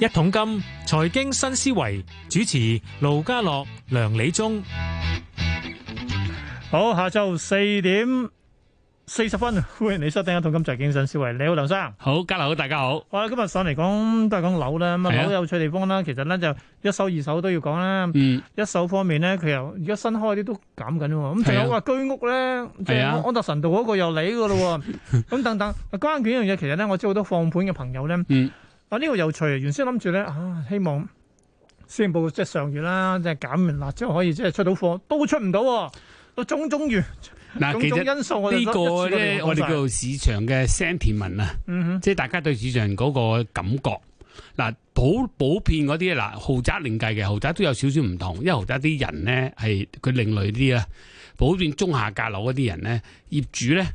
一桶金財經新思維主持盧家樂梁理中，好，下晝四點四十分歡迎你收聽一桶金財經新思維。你好，梁生，好，家樂好，大家好。哇，今日上嚟講都係講樓啦，咁啊好多有趣地方啦。其實咧就一手二手都要講啦。嗯，一手方面咧，佢又而家新開啲都減緊喎。咁仲有話居屋咧，即係安達臣道嗰個又嚟噶啦。咁等等，關鍵一樣嘢，其實咧我知好多放盤嘅朋友咧。嗯。啊！呢、呢個有趣啊！原先諗住咧啊，希望宣佈即係上月啦，即係減完辣之後可以即係出到貨，都出唔到。個種種原因，嗱，其因素呢個咧，我哋叫做市場嘅 sentiment 啊，即係大家對市場嗰個感覺。嗱，普普遍嗰啲嗱，豪宅另計嘅，豪宅都有少少唔同，因為豪宅啲人咧係佢另類啲啊。普遍中下價樓嗰啲人咧，業主咧。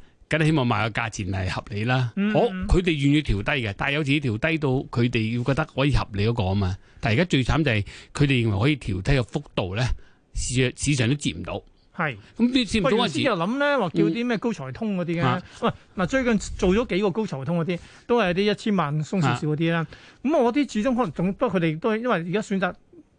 希望賣嘅價錢係合理啦，我佢哋願意調低嘅，但係有時調低到佢哋要覺得可以合理嗰、嗰個啊嘛。但係而家最慘就係佢哋認為可以調低嘅幅度咧，市場是是是市場都接唔到。係咁啲。總之又諗咧，話叫啲咩高才通嗰啲啊？喂，嗱，最近做咗幾個高才通嗰啲，都係啲一千萬鬆少少嗰啲啦。咁、啊、我啲始終可能總不過佢哋都係因為而家選擇。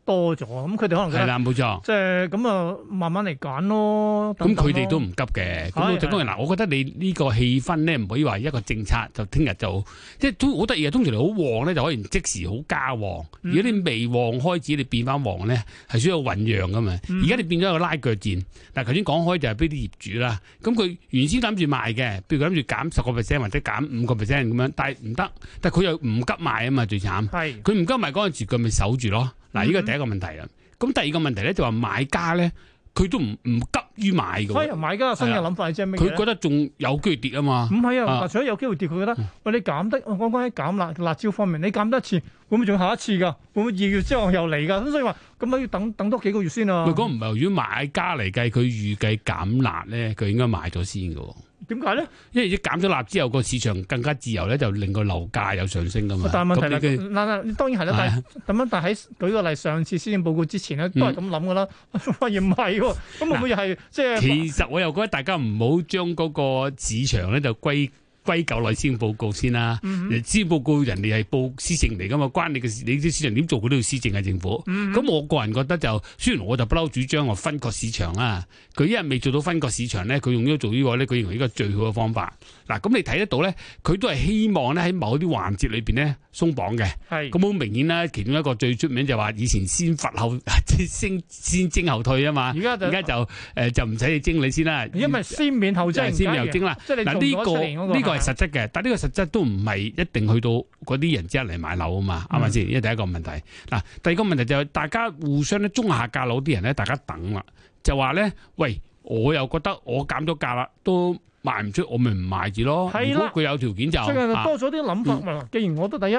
多咗咁，佢哋可能係啦，冇錯，即係咁啊，慢慢嚟揀咯。咁佢哋都唔急嘅咁。當然嗱，我覺得你呢個氣氛咧，唔可以話一個政策就聽日就即係都好得意啊。通常你好旺咧，就可以即時好加旺。如果你未旺開始，你變翻旺咧，係需要醖釀噶嘛。而家、嗯、你變咗一個拉腳戰，但係頭先講開就係俾啲業主啦。咁佢原先諗住賣嘅，譬如佢諗住減十個 percent 或者減五個 percent 咁樣，但係唔得，但係佢又唔急賣啊嘛，最慘係佢唔急賣嗰陣時，佢咪守住咯。嗱，呢個第一個問題啊，咁第二個問題咧就話買家咧，佢都唔唔急於買㗎。所以、啊、買家嘅新嘅諗法係咩嘅咧？佢覺得仲有機會跌啊嘛。唔係啊，嗱、啊，除咗有機會跌，佢覺得喂、嗯、你減得，我講緊喺減辣辣椒方面，你減得一次，會唔會仲有下一次㗎，會唔會二月之後又嚟㗎，咁所以話咁啊要等等多幾個月先啊。如果唔係如果買家嚟計，佢預計減辣咧，佢應該買咗先㗎喎。點解咧？為呢因為一減咗立之後，個市場更加自由咧，就令個樓價有上升噶嘛。但係問題啦，嗱嗱、啊，當然係啦。咁樣但係喺舉個例，上次施政報告之前咧，都係咁諗噶啦。嗯、反而唔係，咁啊，佢又係即係。其實我又覺得大家唔好將嗰個市場咧就歸。歸夠耐先報告先啦、啊。誒，施政報告人哋係報施政嚟噶嘛，關你嘅事。你啲市場點做，佢都要施政嘅政府。咁 我個人覺得就，雖然我就不嬲主張我分割市場啦。佢一日未做到分割市場咧，佢用咗做呢、這個咧，佢認為呢個最好嘅方法。嗱、啊，咁你睇得到咧，佢都係希望咧喺某啲環節裏邊咧鬆綁嘅。咁好是明顯啦、啊，其中一個最出名就話以前先罰後 先先徵後退啊嘛。而家就誒就唔使你徵你先啦。因為先免後徵精。係先由徵啦。嗱呢個呢個。實質嘅，但呢個實質都唔係一定去到嗰啲人即刻嚟買樓啊嘛，啱唔啱先？一、嗯、第一個問題，嗱第二個問題就係、是、大家互相咧中下價樓啲人咧，大家等啦，就話咧，喂，我又覺得我減咗價啦，都賣唔出，我咪唔賣住咯。的如果佢有條件就多咗啲諗法。嘛、啊。既然我都第一。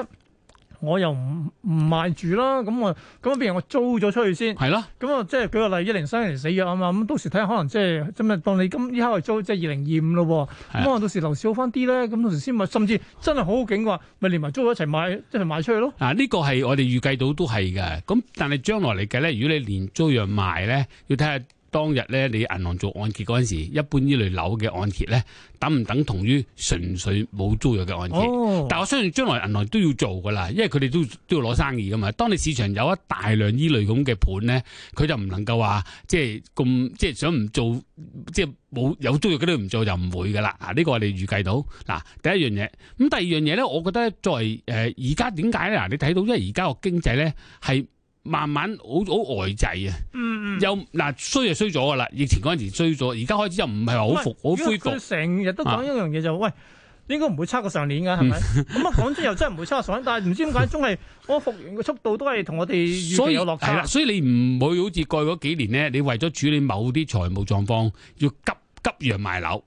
我又唔唔賣住啦，咁我咁啊，譬如我租咗出去先，係啦的，咁啊，即係舉個例，一零三零四約啊嘛，咁到時睇下可能即係即係當你今依刻去租即係二零二五咯，咁、就、啊、是、的到時樓市好翻啲咧，咁到時先咪甚至真係好好景嘅話，咪連埋租咗一齊買即係賣出去咯。嗱、啊，呢、這個係我哋預計到都係嘅，咁但係將來嚟計咧，如果你連租約賣咧，要睇下。當日咧，你銀行做按揭嗰陣時，一般呢類樓嘅按揭咧，等唔等同於純粹冇租約嘅按揭？Oh. 但我相信將來銀行都要做㗎啦，因為佢哋都都要攞生意㗎嘛。當你市場有一大量呢類咁嘅盤咧，佢就唔能夠話即係咁即係想唔做，即係冇有租約嗰啲唔做就唔會㗎啦。啊，呢個我哋預計到嗱第一樣嘢。咁第二樣嘢咧，我覺得作為誒而家點解咧？嗱、呃，你睇到因為而家個經濟咧係。慢慢好好呆滯啊！嗯嗯，又嗱、呃、衰就衰咗噶啦，疫情嗰陣時衰咗，而家開始又唔係話好復好恢復。成日佢都講一樣嘢、啊、就喂，應該唔會差過上年噶，係咪？咁啊講出又真係唔會差過上年，但係唔知點解，總係我復原嘅速度都係同我哋月有落差。係啦，所以你唔會好似過去嗰幾年咧，你為咗處理某啲財務狀況要急。急樣賣樓，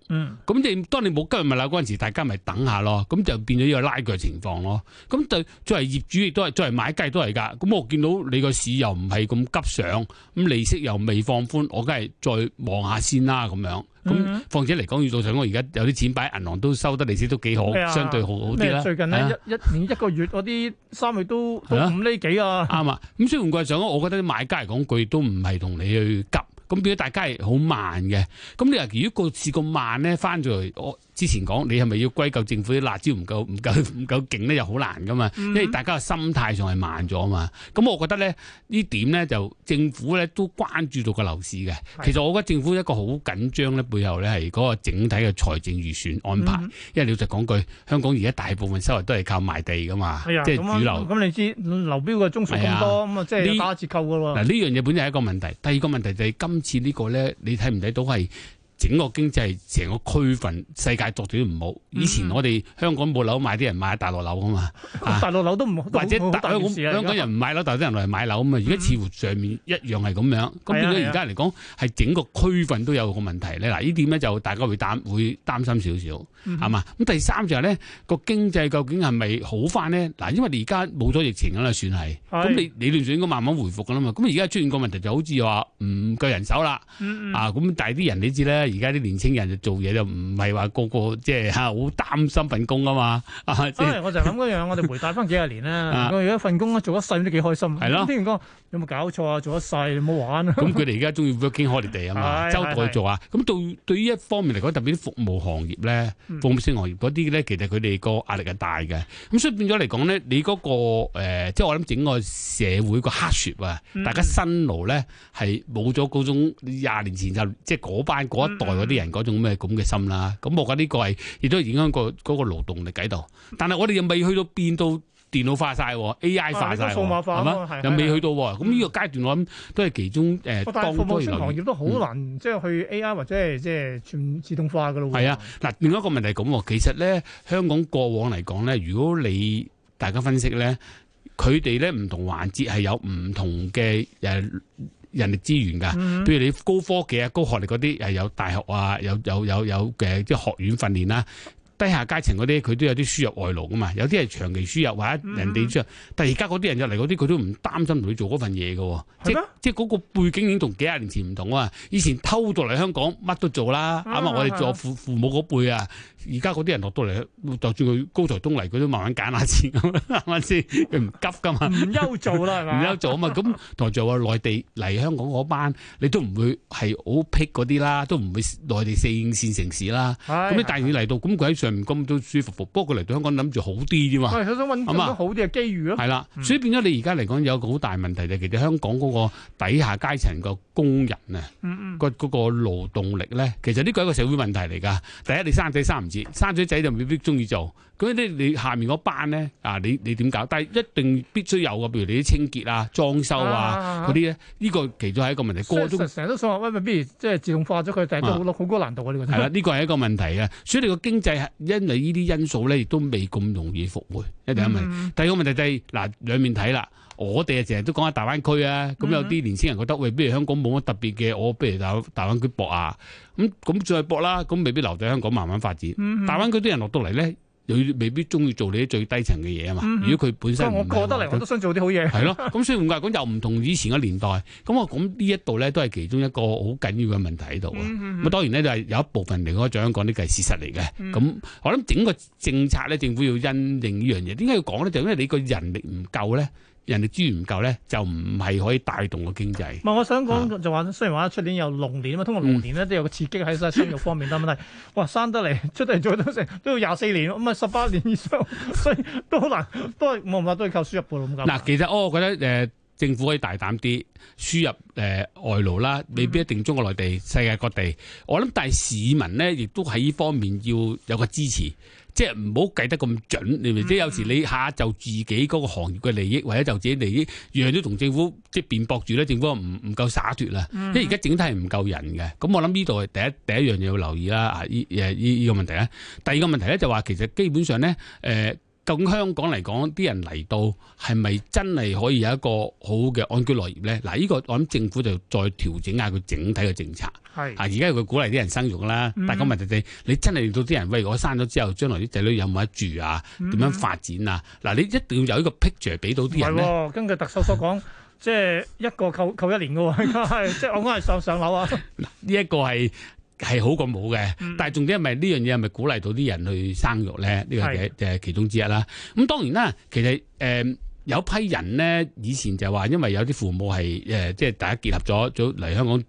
咁你、嗯、當你冇急樣賣樓嗰陣時，大家咪等下咯，咁就變咗呢個拉鋸情況咯。咁對作為業主亦都係，作為買家都係噶。咁我見到你個市又唔係咁急上，咁利息又未放寬，我梗係再望下先啦。咁樣，咁況且嚟講，要到上我而家有啲錢擺銀行都收得利息都幾好，啊、相對好好啲啦。最近咧，一、啊、一年一個月嗰啲三月都到五厘幾啊。啱啊！咁相反上我覺得啲買家嚟講，佢都唔係同你去急。咁變咗大家係好慢嘅，咁你話如果個次咁慢咧，翻咗嚟我。之前講你係咪要歸咎政府啲辣招唔夠唔夠唔夠勁咧，又好難噶嘛？因為大家嘅心態上係慢咗嘛。咁我覺得咧，呢點咧就政府咧都關注到個樓市嘅。其實我覺得政府一個好緊張咧，背後咧係嗰個整體嘅財政預算安排。嗯、哼因為老實講句，香港而家大部分收入都係靠賣地噶嘛，哎、呀即係主流。咁你知流標嘅中數咁多，咁啊即係打折扣嘅喎。嗱，呢樣嘢本就係一個問題。第二個問題就係今次個呢個咧，你睇唔睇到係？整個經濟成個區份世界逐段唔好，以前我哋香港冇樓買，啲人買大陸樓噶嘛，大陸樓都唔好，或者香港人唔買樓，大陸啲人嚟買樓咁嘛？而家似乎上面一樣係咁樣，咁變咗而家嚟講係整個區份都有個問題咧。嗱，呢點咧就大家會擔會擔心少少係嘛？咁第三就係咧個經濟究竟係咪好翻呢？嗱，因為你而家冇咗疫情啦，算係咁，你理論上應該慢慢恢復噶啦嘛。咁而家出現個問題就好似話唔夠人手啦，啊咁，但係啲人你知咧。而家啲年青人就做嘢就唔係話個個即係嚇好擔心份工啊嘛，啊、 哎！即係我就諗嗰樣，我哋回帶翻幾十年啦。我而家份工做一世都幾開心。係咯的，嗯、天元哥有冇搞錯啊？做一世你冇玩啊？咁佢哋而家中意 working holiday 啊嘛， 是的 周代做下。咁的對對於一方面嚟講，特別啲服務行業咧，嗯、服務性行業嗰啲咧，其實佢哋個壓力係大嘅。咁所以變咗嚟講咧，你嗰、那個、呃、即係我諗整個社會個黑雪啊，嗯、大家辛勞咧係冇咗嗰種廿年前就即係嗰班一代嗰啲人嗰種咩咁嘅心啦，咁我覺得呢個係亦都影響個嗰、嗰個勞動力喺度。但係我哋又未去到變到電腦化曬，A I 化晒，啊，呢個、數碼化喎，又未去到。咁呢、嗯、個階段，我諗都係其中誒當初嗰啲行業都好難即係去 A I 或者係即係全自動化噶咯。係啊，嗱、嗯，另外一個問題係咁，其實咧香港過往嚟講咧，如果你大家分析咧，佢哋咧唔同環節係有唔同嘅誒。人力資源㗎，譬如你高科技啊、高學歷嗰啲，誒，有大學啊、有有有有嘅啲、即係、學院訓練啦。低下階層嗰啲佢都有啲輸入外勞㗎嘛，有啲係長期輸入或者人哋即係，但係而家嗰啲人入嚟嗰啲佢都唔擔心同佢做嗰份嘢嘅嗎，即即係嗰個背景已經同幾廿年前唔同啊！以前偷渡嚟香港乜都做啦，啱的啊！我哋做父父母嗰輩啊，而家嗰啲人落到嚟就算佢高才通嚟，佢都慢慢揀下先，啱咪先？佢唔急噶嘛，唔憂 做啦係 嘛，唔憂做啊嘛！咁同埋仲有話內地嚟香港嗰班，你都唔會係好僻嗰啲啦，都唔會內地四線城市啦。咁你帶佢嚟到咁佢喺上。唔咁都舒服服，不過嚟到香港諗住好啲啫嘛，咁啊、嗯，好啲嘅機遇咯，係啦，所以變咗你而家嚟講有一個好大問題就係、其實、香港嗰個底下階層個工人啊，個嗰、嗯嗯、個勞動力咧，其實呢個係一個社會問題嚟㗎。第一你生仔生唔止，生仔仔就未必中意做。咁咧，你下面嗰班咧，啊，你你點搞？但係一定必須有嘅，譬如你啲清潔啊、裝修啊嗰啲咧，呢、啊啊呢個其中都係一個問題。個個是都成日都想話，喂、呃，咪不如即係自動化咗佢，但係、啊、都好高難度呢、啊呢個。係啦，呢個係一個問題啊。所以你個經濟因為呢啲因素咧，亦都未咁容易復回。一定問題，嗯、但第二個問題就係嗱兩面睇啦。我哋啊成日都講下大灣區啊，咁有啲年輕人覺得，喂、呃，不如香港冇乜特別嘅，我不如大灣大灣區搏啊。咁咁再搏啦，咁未必留喺香港慢慢發展。大灣區啲人落到嚟咧。佢未必中意做你啲最低層嘅嘢啊嘛，如果佢本身、嗯覺，所以我過得嚟我都想做啲好嘢。係咯，咁所以唔怪講又唔同以前嘅年代。咁我咁呢一度咧，都係其中一個好緊要嘅問題喺度咁當然咧就係有一部分嚟講，我想講啲係事實嚟嘅。咁我諗整個政策咧，政府要因應呢樣嘢。點解要講咧？就是、因為你個人力唔夠咧。人哋資源唔夠咧，就唔係可以帶動個經濟。唔係、嗯，我想講就話，雖然話出年有龍年啊嘛，通過龍年咧都有個刺激喺生生育方面，得唔得？ 哇生得嚟出得嚟做得成都要廿四年，唔係十八年以上，所以都好難，都係冇辦法，都係靠輸入噃咁解。嗱，其實我覺得誒、呃、政府可以大膽啲輸入誒、呃、外勞啦，未必一定中國內地，嗯、世界各地。我諗，但係市民咧，亦都喺呢方面要有個支持。即係唔好計得咁準， 你明，即係有時你下就自己嗰個行業嘅利益，或者就自己利益，樣樣都同政府即係辯駁住咧。政府唔唔夠灑脱啦，即 為而家整體係唔夠人嘅。咁、嗯、我諗呢度係第一第一樣嘢要留意啦。啊，呢誒呢呢個問題咧，第二個問題咧就話其實基本上咧，誒、呃、咁香港嚟講，啲人嚟到係咪真係可以有一個好嘅安居樂業咧？嗱，呢個我諗政府就再調整下佢整體嘅政策。係啊！而家佢鼓勵啲人生育啦，嗯、但係咁問題你真係令到啲人，喂，我生咗之後，將來啲仔女有冇得住啊？點、嗯、樣發展啊？嗱，你一定要有一個 picture 俾到啲人咧。根據、啊、特首所講， 即係一個扣扣一年噶，即係我啱係上上樓啊。呢一個係係好過冇嘅，嗯、但係重點係咪呢樣嘢係咪鼓勵到啲人去生育咧？呢個嘢就係其中之一啦。咁當然啦，其實誒有批人咧，以前就話因為有啲父母係誒，即係大家結合咗，咗嚟香港。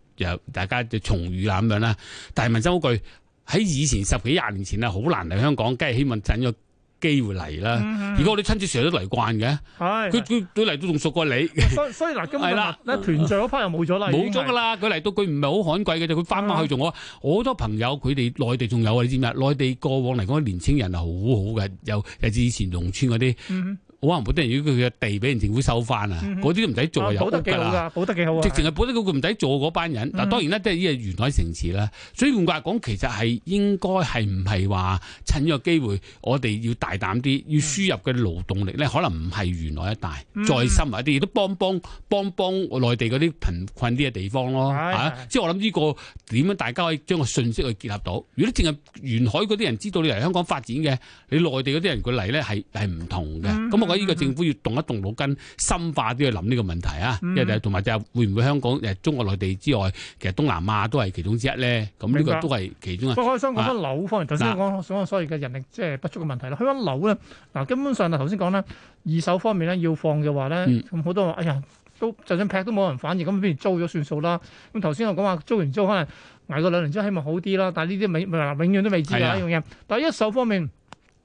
大家就重遇啦咁樣啦，但係民生好句喺以前十幾廿年前啦，好難嚟香港，梗係希望趁咗機會嚟啦。嗯、如果我哋親戚成日都嚟慣嘅，佢佢佢嚟到仲熟過你。所以所以嗱，今日一團聚嗰批又冇咗啦，冇咗噶啦，佢嚟了到佢唔係好罕貴嘅，就佢翻返去仲我，我好、嗯、多朋友佢哋內地仲有啊，你知唔知啊？內地過往嚟講，年青人係好好嘅，有，有至以前農村嗰啲。嗯可能冇得人要佢嘅地俾人政府收翻啊！嗰啲，嗯、哼都唔使做又得噶，保得幾好，保得幾好啊！直情係保得嗰個唔使做嗰班人。嗱、嗯，當然啦，即係呢個沿海城市啦。所以換句話講，其實係應該係唔係話趁呢個機會，我哋要大膽啲，要輸入嘅勞動力咧，可能唔係原來一帶，嗯、再深埋一啲，亦都幫幫幫幫內地嗰啲貧困啲嘅地方咯。嗯、啊，是即係我諗呢、這個點樣大家可以將個信息去結合到。如果淨係沿海嗰啲人知道你嚟香港發展嘅，你內地嗰啲人佢嚟咧係係唔同嘅。咁、嗯嗯所以呢個政府要動一動腦筋，深化啲去諗呢個問題啊！一係同埋就係會唔會香港誒中國內地之外，其實東南亞都係其中之一咧。咁呢個都係其中一。不過我想講翻樓方面，頭先講所謂嘅人力即係不足嘅問題啦。啊、去翻樓咧，嗱，基本上啊頭先講咧，二手方面咧要放嘅話咧，咁好、嗯、多話，哎呀，都就算劈都冇人反應，咁不如租咗算數啦。咁頭先我講話租完租可能捱過兩年之後希望好啲啦，但係呢啲永永遠都未知嘅一樣嘢。但係一手方面。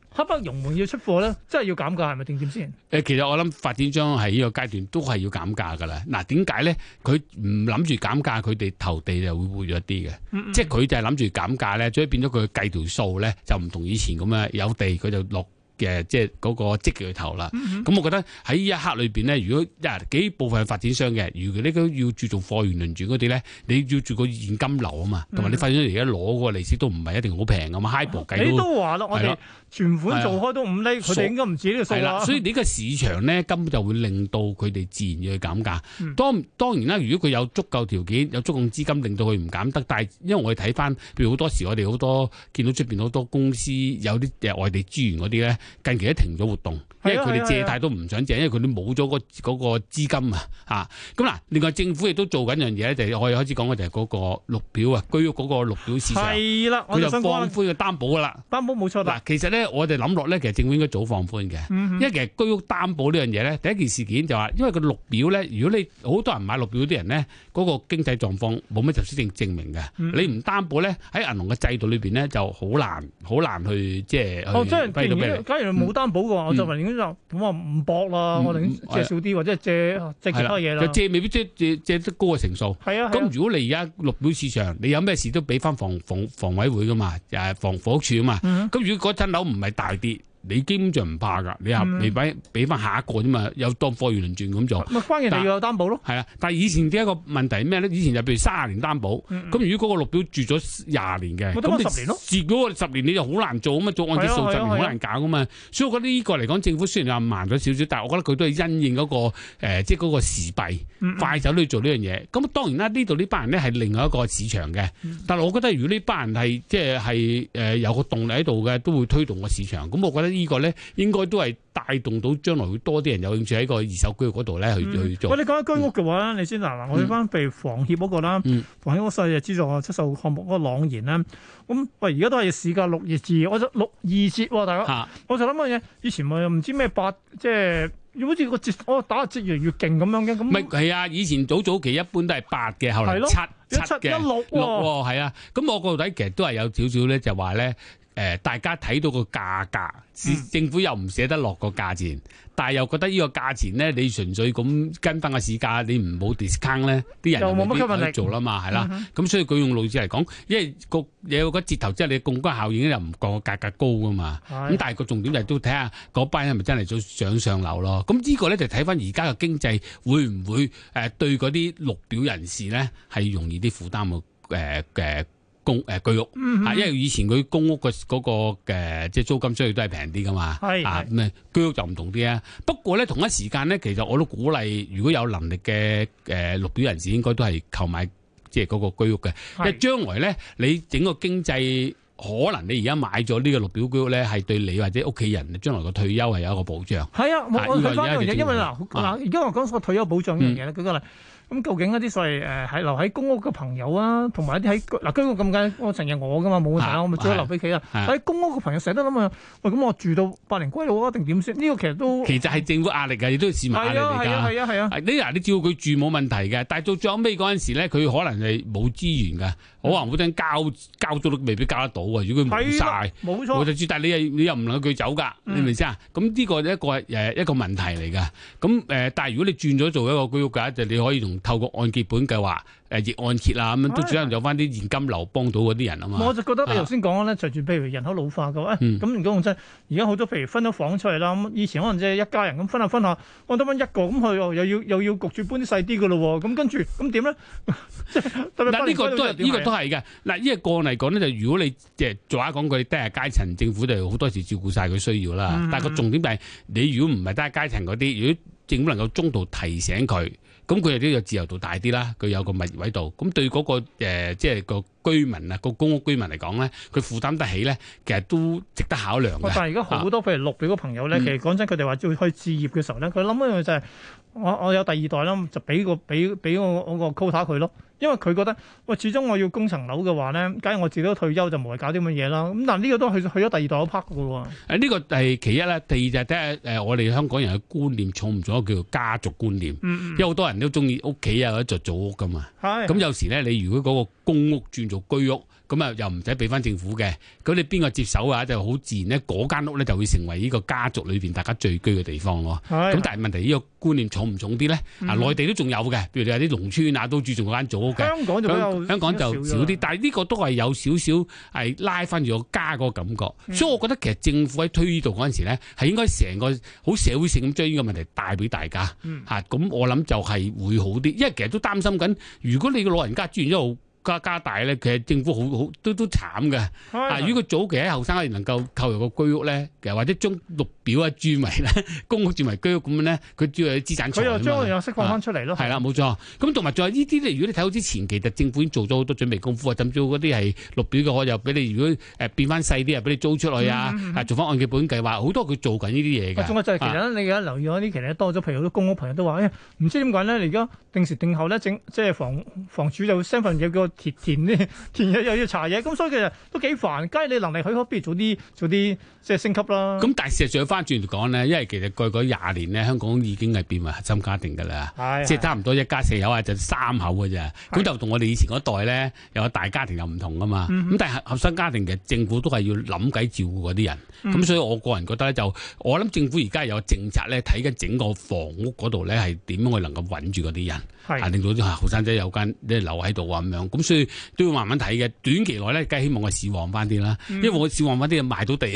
黑北榕門要出貨咧，真係要減價係咪定點先？誒，其實我諗發展商喺呢個階段都係要減價噶啦。嗱、啊，點解咧？佢唔諗住減價，佢哋投地就會活躍啲嘅。嗯嗯、即係佢就係諗住減價咧，所以變咗佢計條數咧，就唔同以前咁啊。有地佢就落嘅，即係嗰個積極去投啦。咁、嗯嗯、我覺得喺呢一刻裏邊咧，如果一幾部分發展商嘅，如果你都要注重貨源輪轉嗰啲咧，你要住個現金流啊嘛，同埋你發展商而家攞個利息都唔係一定好平噶嘛，highball 計存款做開都五厘，佢哋應該唔止呢個數啦，所以呢個市場咧根本就會令到佢哋自然要去減價。當當然啦，如果佢有足夠條件、有足夠資金，令到佢唔減得。但係因為我哋睇翻，譬如好多時我哋好多見到出邊好多公司有啲外地資源嗰啲咧，近期都停咗活動，因為佢哋借貸都唔想借，因為佢都冇咗嗰嗰個資金啊嚇。咁嗱，另外政府亦都做緊樣嘢就我又開始講，我哋嗰個綠表啊，居屋嗰個綠表市場係啦，佢就光輝嘅擔保啦，擔保冇錯嗱，其實咧。即我哋諗落咧，其實政府應該早放寬嘅。因為其實居屋擔保呢樣嘢咧，第一件事件就話，因為個綠表咧，如果你好多人買綠表啲人咧，嗰個經濟狀況冇咩就殊證證明嘅，你唔擔保咧，喺銀行嘅制度裏邊咧就好難，好難去即係即係假如冇擔保嘅話，我就寧願就咁啊唔搏啦，我寧願借少啲，或者借借其他嘢啦。就借未必即借借得高嘅成數。係啊。咁如果你而家綠表市場，你有咩事都俾翻房房房委會噶嘛，誒房房屋處啊嘛。咁如果嗰陣樓唔係大啲。你基本上唔怕㗎，你又未擺俾翻下一個啫嘛，又當貨源輪轉咁做。咪關鍵你要有擔保咯。係啊，但係以前嘅一個問題係咩咧？以前就譬如三十年擔保，咁、嗯嗯、如果嗰個綠表住咗廿年嘅，咁、嗯嗯、你十年咯，如果十年你就好難做吖嘛，做按揭數十年好難搞㗎嘛。嗯嗯，所以我覺得呢個嚟講，政府雖然話慢咗少少，但係我覺得佢都係因應嗰、誒即係嗰個時弊，嗯嗯，快走都要做呢樣嘢。咁當然啦，呢度呢班人咧係另外一個市場嘅，嗯、但係我覺得如果呢班人係即係係誒有個動力喺度嘅，都會推動個市場。咁我覺得。呢個咧，應該都係帶動到將來會多啲人有興趣喺個二手居屋嗰度咧去去做。喂、我哋，你講一居屋嘅話，你先嗱嗱，我哋翻譬如房協嗰個啦，房協我細日資助我出售項目嗰個朗然啦。咁喂，而家都係市價六二折，我六二折，大家。我就諗下嘢，以前咪又唔知咩八，即係好似個折，我打個折越嚟越勁咁樣嘅。咁咪係啊？以前早早期一般都係八嘅，後嚟七七嘅一六。六係啊，咁我個底其實都係有少少咧，就話咧。誒，大家睇到個價格，政府又唔捨得落、嗯、個價錢，但係又覺得呢個價錢咧，你純粹咁跟翻個市價，你唔好 discount 咧，啲人就冇乜吸引力做啦嘛，係啦。咁了、嗯、哼所以佢用老子嚟講，因為個有個折頭即係你共鳴效應又唔降個價格高啊嘛。咁、嗯、但係個重點就係都睇下嗰班人係咪真係想上樓咯。咁呢個咧就睇翻而家嘅經濟會唔會誒對嗰啲綠表人士咧係容易啲負擔嘅誒嘅。呃呃公誒居屋，係因為以前佢公屋嘅嗰、嗰個即係、呃、租金需要都係平啲噶嘛，係是是 啊，咁樣居屋就唔同啲啊。不過咧同一時間咧，其實我都鼓勵如果有能力嘅誒綠表人士，應該都係購買即係嗰個居屋嘅，是 因為將來咧你整個經濟。可能你而家買咗呢個綠表居屋咧，係對你或者屋企人將來個退休係有一個保障。係啊，我講一樣嘢，因為嗱嗱，而家、啊、我講個退休保障呢樣嘢咧，個例、嗯、咁究竟一啲所謂誒喺、呃、留喺公屋嘅朋友、呃、啊，同埋一啲喺嗱，居屋咁緊，我成日我噶嘛冇問題，我咪再留俾佢啊。喺公屋嘅朋友成日都諗啊，喂、欸、咁、嗯、我住到百年歸老啊，定點先？呢、這個其實都其實係政府壓力嘅，亦都市民。埋係啊係啊係啊係啊！你嗱，你只要佢住冇問題嘅，但係到最後尾嗰陣時咧，佢可能係冇資源㗎。我話好話唔好聽，交都未必交得到啊！如果佢冇晒，冇錯。我就知，但係你又你又唔能夠佢走㗎，你明唔明先啊？咁呢個一個係誒一個問題嚟㗎。咁誒，但係如果你轉咗做一個居屋㗎，就你可以同透過按揭本計劃。誒，逆按揭啊，咁樣都只能有翻啲現金流幫到嗰啲人啊嘛。哎、呀我就覺得你頭先講咧，隨住譬如人口老化嘅話，咁、哎、如果真，而家好多譬如分咗房出嚟啦，咁以前可能即係一家人咁分下分下，我得翻一個，咁佢又要又要焗住搬啲細啲嘅咯，咁、嗯、跟住咁點咧？嗱、嗯，呢 個都係呢、這個都係嘅。嗱、這個就是，依個個人嚟講咧，就如果你即係俗話講，佢低下階層政府就好多時照顧晒佢需要啦。但係個重點就係你如果唔係低下階層嗰啲，如果政府能夠中途提醒佢。咁佢又都有自由度大啲啦，佢有個物業位度，咁對嗰個誒、呃，即係個。居民啊，個公屋居民嚟講咧，佢負擔得起咧，其實都值得考量嘅。但係而家好多譬如綠表嘅朋友咧，其實講真，佢哋話要去置業嘅時候咧，佢諗一樣就係，我我有第二代啦，就俾個俾俾我我個 quota 佢咯。因為佢覺得，喂，始終我要供層樓嘅話咧，梗係我自己退休就無謂搞啲咁嘅嘢啦。咁但係呢個都係去去咗第二代一 part 嘅喎。呢個係其一啦，第二就係睇下誒，我哋香港人嘅觀念重唔重，叫做家族觀念。嗯，因為好多人都中意屋企有得住祖屋噶嘛。係。咁有時咧，你如果嗰個公屋轉做居屋，咁啊又唔使俾翻政府嘅，咁你邊個接手啊？就好自然呢嗰間屋咧就會成為呢個家族裏邊大家聚居嘅地方囉。咁的但係問題呢個觀念重唔重啲咧？啊、嗯哼，內地都仲有嘅，譬如你話啲農村啊，都注重嗰間祖屋嘅。嗯、哼香港就香港就少啲，少了但係呢個都係有少少係拉翻住個家個感覺。嗯、哼所以我覺得其實政府喺推呢度嗰陣時咧，係應該成個好社會性咁將呢個問題帶俾大家吓。咁我諗就係會好啲，因為其實都擔心緊，如果你個老人家轉咗。加加大咧，其實政府好好都都慘嘅。的啊，如果佢早期喺後生嗰時能夠購入個居屋咧，其實或者將綠表啊轉為咧公屋轉為居屋咁樣咧，佢主要有資產，佢又將又釋放翻出嚟咯。係啦，冇錯。咁同埋仲有呢啲咧，如果你睇好之前其實政府已經做咗好多準備功夫啊。甚至嗰啲係綠表嘅，我又俾你，如果誒變翻細啲啊，俾你租出去啊，嗯嗯、做翻按揭本計劃，好多佢做緊呢啲嘢嘅。仲有就係其實，你而家留意嗰啲其實多咗，譬如好多公屋朋友都話唔、哎、知點解咧？而家定時定後咧整，即、就、係、是、房房，房主就會身份嘢個。填田呢，填嘢又要查嘢，咁所以其實都幾煩。梗係你能力可以，不如早啲做啲即係升級啦。咁但係事實上翻轉嚟講咧，因為其實過去廿年咧，香港已經係變為核心家庭噶啦，是是是即係差唔多一家四口啊，就三口嘅啫。咁是是 就同我哋以前嗰代咧，有個大家庭又唔同噶嘛。咁是是 但係核心家庭嘅政府都係要諗計照顧嗰啲人。咁是是 所以我個人覺得咧，就我諗政府而家有政策咧，睇緊整個房屋嗰度咧，係點樣去能夠穩住嗰啲人。係是啊，令到啲後生仔有間即係留喺度啊，咁樣咁所以都要慢慢睇嘅。短期內咧，梗係希望我市旺翻啲啦，嗯、因為我市旺翻啲就賣到地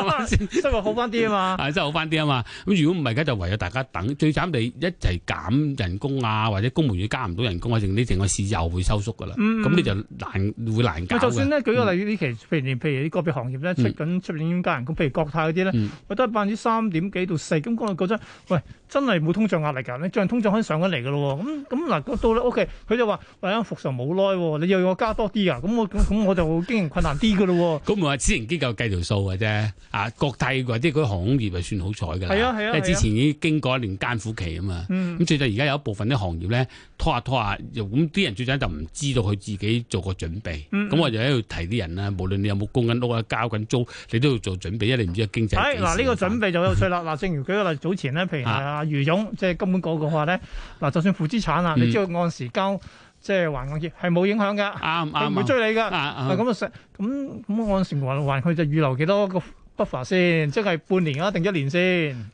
啊嘛，即係話好翻啲啊嘛。係真係好翻啲啊嘛。咁如果唔係，而家就唯有大家等。最慘地一齊減人工啊，或者公務員加唔到人工啊，剩呢剩我市又會收縮㗎啦。咁、嗯嗯、你就難會難搞，嗯、就算咧，舉個例子，呢期譬如你譬如啲個別行業咧，出緊出緊加人工，譬如國泰嗰啲咧，我得百分之三點幾到四，咁我覺得喂，真係冇通脹壓力㗎，你最通脹可以上緊嚟㗎咯咁。嗯咁嗱，到咧 OK，佢就話：，喂、哎，啱復仇冇耐、哦，你又要我加多啲啊？咁我咁，我就經營困難啲㗎咯。咁唔係私人機構計條數嘅啫，啊，國泰或者佢行航空業係算好彩㗎啦。係啊係啊，即、啊、為之前已經經過一年艱苦期啊嘛。咁、嗯、最緊而家有一部分啲行業咧，拖下拖下，咁啲人最緊就唔知道佢自己做個準備。咁、嗯、我就喺度提啲人啦，嗯、無論你有冇供緊屋啊，交緊租，你都要做準備，因為你唔知經濟。嗱、哎，呢個準備就有趣啦。嗱，正如佢嗱早前咧，譬如阿余勇，啊、即係根本講嘅話咧，嗱，就算負資啊！你知道按時交，即係還按揭係冇影響噶，啱啱唔會追你噶。咁啊，咁咁按時還還佢就預留幾多個 buffer 先，即係半年啊定一年先。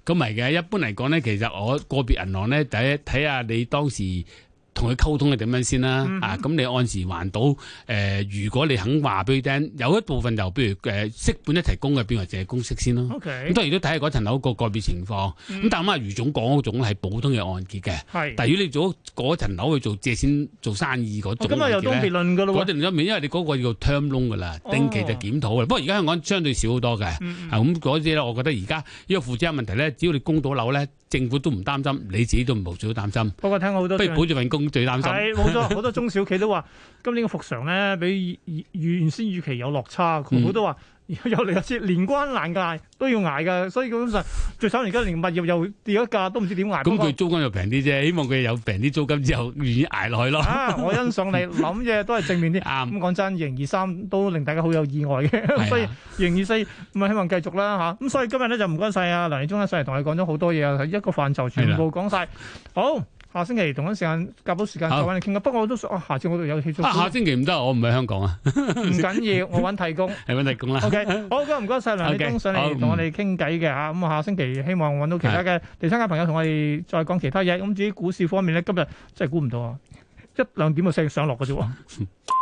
咁唔係嘅，一般嚟講咧，其實我個別銀行咧，第一睇下你當時。同佢溝通係點樣先啦？啊，咁、嗯哼啊、你按時還到誒、呃，如果你肯話俾佢聽，有一部分就譬如誒、呃、息本一齊供嘅，變為借供息先咯、啊。咁 Okay. 當然都睇下嗰層樓個個別情況。咁、嗯、但係我余餘總講嗰種係普通嘅按揭嘅。是但係如果你做嗰層樓去做借錢做生意嗰種咁啊、哦、又當別論㗎啦喎。嗰段一方面因為你嗰個叫 term loan 㗎啦，定期就檢討嘅。哦、不過而家香港相對少好多嘅。咁嗰啲咧，我覺得而家因為付息問題咧，只要你供到樓咧。政府都唔擔心，你自己都冇少擔心。不過聽過好多，不如保住份工最擔心。係冇錯，好多中小企都話 今年嘅復常咧，比原先預期有落差，佢都話。有嚟有去，連關難捱都要捱噶，所以基本上就最慘。而家連物業又跌咗價，都唔知點捱。咁佢租金又平啲啫，希望佢有平啲租金之後，願意捱落去咯。啊，我欣賞你諗嘢都係正面啲。啱。咁講真，二零二三都令大家好有意外嘅，所以二零二四唔係希望繼續啦吓。咁所以今日咧就唔該晒啊梁理中啊，上嚟同你講咗好多嘢啊，一個範疇全部講晒。好。下星期同一時間夾到時間再揾你傾啊！不過我都想，我、啊、下次我都有起租、啊。下星期唔得，我唔喺香港啊。唔緊要，我揾替工。係揾 替工啦。O、okay. K，好唔唔該，晒梁理中 Okay. 你登上嚟同 Okay. 我哋傾偈嘅嚇，咁、啊、下星期希望揾到其他嘅地產界朋友同我哋再講其他嘢。咁是、嗯、至於股市方面咧，今日真係估唔到啊，一兩點就四成上落嘅啫喎。